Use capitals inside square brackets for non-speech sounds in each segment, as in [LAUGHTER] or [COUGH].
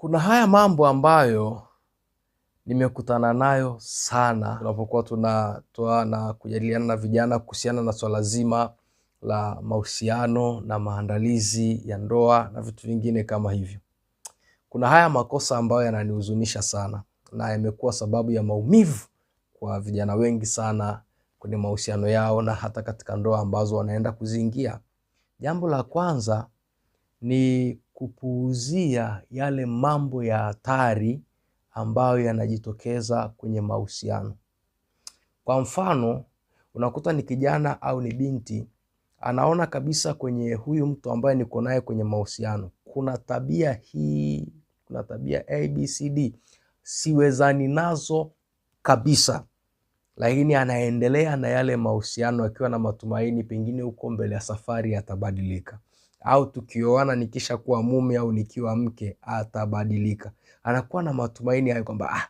Kuna haya mambo ambayo nimekutana nayo sana tunapokuwa tunatoa na kujadiliana na vijana kuhusiana na swala zima la mahusiano na maandalizi ya ndoa na vitu vingine kama hivyo. Kuna haya makosa ambayo yananihuzunisha sana na yamekuwa sababu ya maumivu kwa vijana wengi sana kwenye mahusiano yao na hata katika ndoa ambazo wanaenda kuziingia. Jambo la kwanza ni kupuuzia yale mambo ya hatari ambayo yanajitokeza kwenye mahusiano. Kwa mfano, unakuta ni kijana au ni binti anaona kabisa kwenye huyu mtu ambaye niko naye kwenye mahusiano kuna tabia hii, kuna tabia ABCD siwezani nazo kabisa, lakini anaendelea na yale mahusiano akiwa na matumaini pengine huko mbele ya safari yatabadilika au tukioana nikisha kuwa mume au nikiwa mke atabadilika. Anakuwa na matumaini hayo kwamba ah,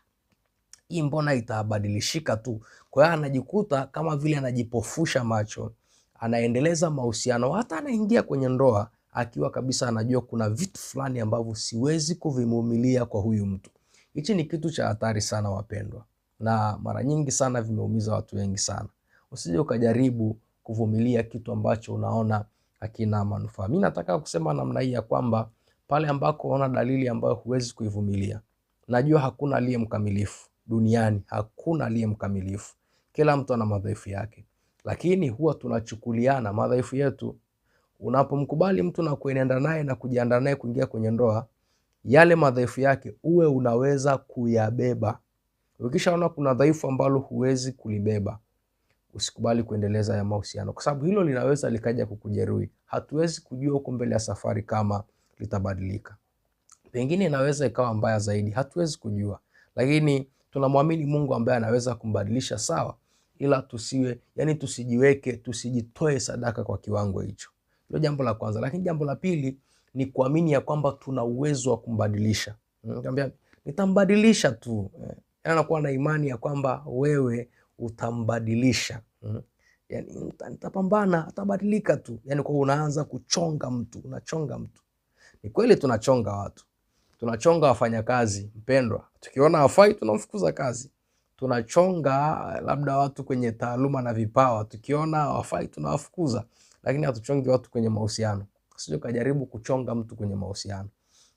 hii mbona itabadilishika tu. Kwa hiyo anajikuta kama vile anajipofusha macho, anaendeleza mahusiano, hata anaingia kwenye ndoa akiwa kabisa anajua kuna vitu fulani ambavyo siwezi kuvimumilia kwa huyu mtu. Hichi ni kitu cha hatari sana wapendwa, na mara nyingi sana vimeumiza watu wengi sana. Usije ukajaribu kuvumilia kitu ambacho unaona hakina manufaa. Mimi nataka kusema namna hii ya kwamba pale ambako unaona dalili ambayo huwezi kuivumilia, najua hakuna aliye mkamilifu duniani, hakuna aliye mkamilifu, kila mtu ana madhaifu yake, lakini huwa tunachukuliana madhaifu yetu. Unapomkubali mtu na kuenenda naye na kujiandaa naye kuingia kwenye ndoa, yale madhaifu yake uwe unaweza kuyabeba. Ukishaona kuna dhaifu ambalo huwezi kulibeba usikubali kuendeleza ya mahusiano, kwa sababu hilo linaweza likaja kukujeruhi. Hatuwezi kujua huko mbele ya safari kama litabadilika, pengine inaweza ikawa mbaya zaidi, hatuwezi kujua, lakini tunamwamini Mungu ambaye anaweza kumbadilisha, sawa, ila tusiwe yani, tusijiweke, tusijitoe sadaka kwa kiwango hicho. Hilo jambo la kwanza, lakini jambo la pili ni kuamini ya kwamba tuna uwezo wa kumbadilisha. Nikamwambia nitambadilisha tu, eh, anakuwa na imani ya kwamba wewe utambadilisha mm. Yani nitapambana, atabadilika tu. Yani kwa unaanza kuchonga mtu, unachonga mtu. Ni kweli tunachonga watu, tunachonga wafanyakazi. Mpendwa, tukiona hafai tunamfukuza kazi. Tunachonga eh, labda watu kwenye taaluma na vipawa, tukiona hawafai tunawafukuza, lakini hatuchongi watu kwenye mahusiano. Sio kajaribu kuchonga mtu kwenye mahusiano,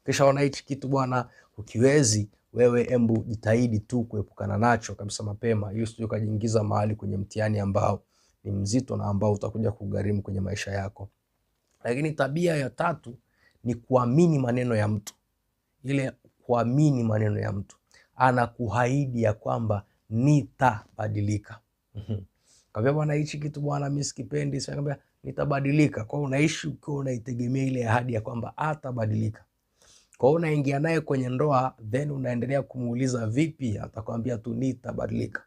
kisha ona hichi kitu bwana, ukiwezi wewe embu jitahidi tu kuepukana nacho kabisa mapema, ili usije ukajiingiza mahali kwenye mtihani ambao ni mzito na ambao utakuja kugharimu kwenye maisha yako. Lakini tabia ya tatu ni kuamini maneno ya mtu, ile kuamini maneno ya mtu, anakuahidi ya kwamba nitabadilika. [LAUGHS] Kaambia bwana, hichi kitu bwana, mimi sikipendi, sasa nitabadilika. Kwa hiyo unaishi ukiwa unaitegemea ile ahadi ya kwamba atabadilika. Kwa hiyo unaingia naye kwenye ndoa, then unaendelea kumuuliza vipi, atakwambia tu nitabadilika.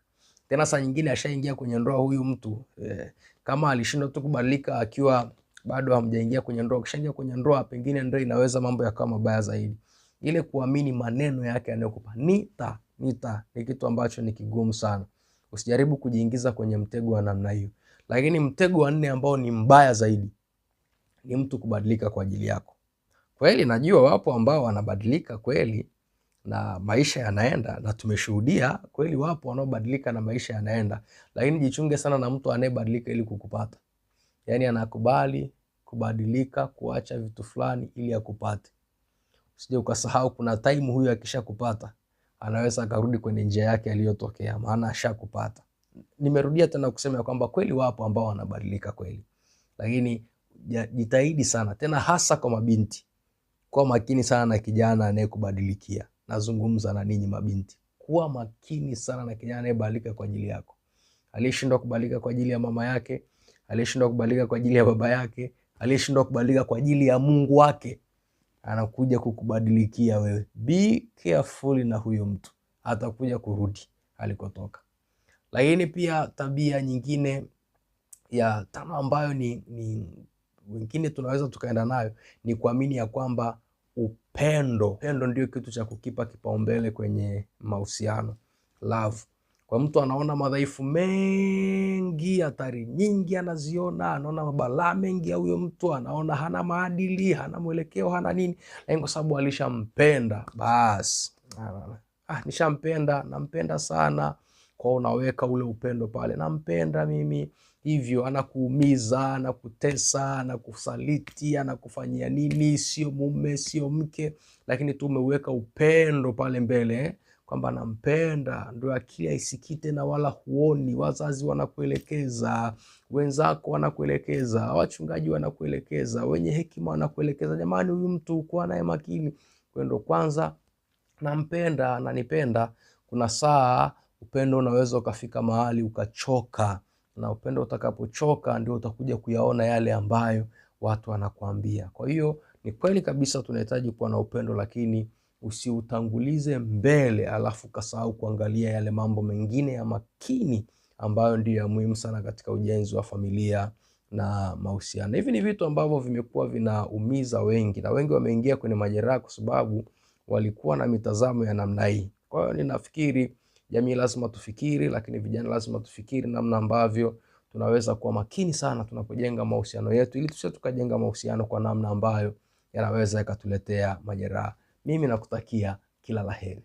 Tena saa nyingine ashaingia kwenye ndoa huyu mtu eh, kama alishindwa tu kubadilika akiwa bado hamjaingia kwenye ndoa, kishaingia kwenye ndoa, pengine ndio inaweza mambo yakawa mabaya zaidi. Ile kuamini maneno yake anayokupa nita nita ni kitu ambacho ni kigumu sana. Usijaribu kujiingiza kwenye mtego wa namna hiyo. Lakini mtego wa nne ambao ni mbaya zaidi ni mtu kubadilika kwa ajili yako. Kweli najua wapo ambao wanabadilika kweli na maisha yanaenda, na tumeshuhudia kweli, wapo wanaobadilika na maisha yanaenda, lakini jichunge sana na mtu anayebadilika ili kukupata, Yani anakubali kubadilika, kuacha vitu fulani ili akupate. Usije ukasahau, kuna time huyu akishakupata anaweza akarudi kwenye njia yake aliyotokea, maana ashakupata. Nimerudia tena kusema kwamba kweli wapo ambao wanabadilika kweli, lakini jitahidi sana tena, hasa kwa mabinti kuwa makini sana na kijana anayekubadilikia. Nazungumza na ninyi mabinti, kuwa makini sana na kijana anayebadilika kwa ajili yako. Aliyeshindwa kubadilika kwa ajili ya mama yake, aliyeshindwa kubadilika kwa ajili ya baba yake, aliyeshindwa kubadilika kwa ajili ya Mungu wake, anakuja kukubadilikia wewe. Be careful na huyo mtu, atakuja kurudi alikotoka. Lakini pia tabia nyingine ya tano ambayo ni, ni wengine tunaweza tukaenda nayo ni kuamini ya kwamba upendo. Upendo ndio kitu cha kukipa kipaumbele kwenye mahusiano, love. Kwa mtu anaona madhaifu mengi, hatari nyingi anaziona, anaona mabalaa mengi ya huyo mtu, anaona hana maadili, hana mwelekeo, hana nini, lakini kwa sababu alishampenda basi, ah, nishampenda, nampenda sana kwao, unaweka ule upendo pale, nampenda mimi hivyo, anakuumiza, anakutesa, anakusaliti, anakufanyia nini, sio mume, sio mke, lakini tu umeuweka upendo pale mbele eh, kwamba nampenda, ndo akili haisikite na wala huoni. Wazazi wanakuelekeza, wenzako wanakuelekeza, wachungaji wanakuelekeza, wenye hekima wanakuelekeza, jamani, huyu mtu kuwa naye makini. kwendo kwanza nampenda, nanipenda. Kuna saa upendo unaweza ukafika mahali ukachoka na upendo utakapochoka ndio utakuja kuyaona yale ambayo watu wanakuambia. Kwa hiyo ni kweli kabisa tunahitaji kuwa na upendo, lakini usiutangulize mbele alafu kasahau kuangalia yale mambo mengine ya makini ambayo ndio ya muhimu sana katika ujenzi wa familia na mahusiano. Hivi ni vitu ambavyo vimekuwa vinaumiza wengi, na wengi wameingia kwenye majeraha kwa sababu walikuwa na mitazamo ya namna hii. Kwa hiyo ninafikiri Jamii lazima tufikiri, lakini vijana lazima tufikiri namna ambavyo tunaweza kuwa makini sana tunapojenga mahusiano yetu, ili tusije tukajenga mahusiano kwa namna ambayo yanaweza yakatuletea majeraha. Mimi nakutakia kila laheri.